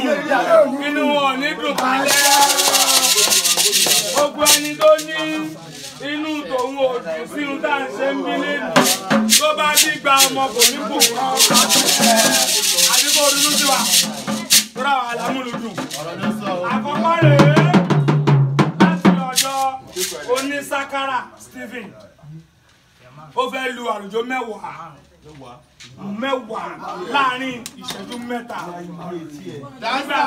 dùn inú wọn ò ní dùn kálẹ̀ gbogbo ẹni tó ní inú tòun ò dùn sí irun tá à ń ṣe ń bí lẹ́nu tó bá bí gba ọmọ kò ní kù àdúgbò dúdú sí wa tó ra lámúlùdù àkọ́kọ́ rèé láti ọ̀dọ̀ onísákárà Stephen ó fẹ́ lu àlùjọ mẹ́wàá mẹ́wàá láàrin ìṣẹ́jú mẹ́ta nígbà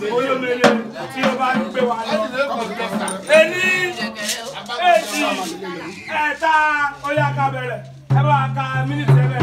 tí olómele tí ó bá gbé wa lọ ení èjì ẹ̀ta ó yá ká bẹ̀rẹ̀ ẹ bá ka mínísítẹ́rẹ̀.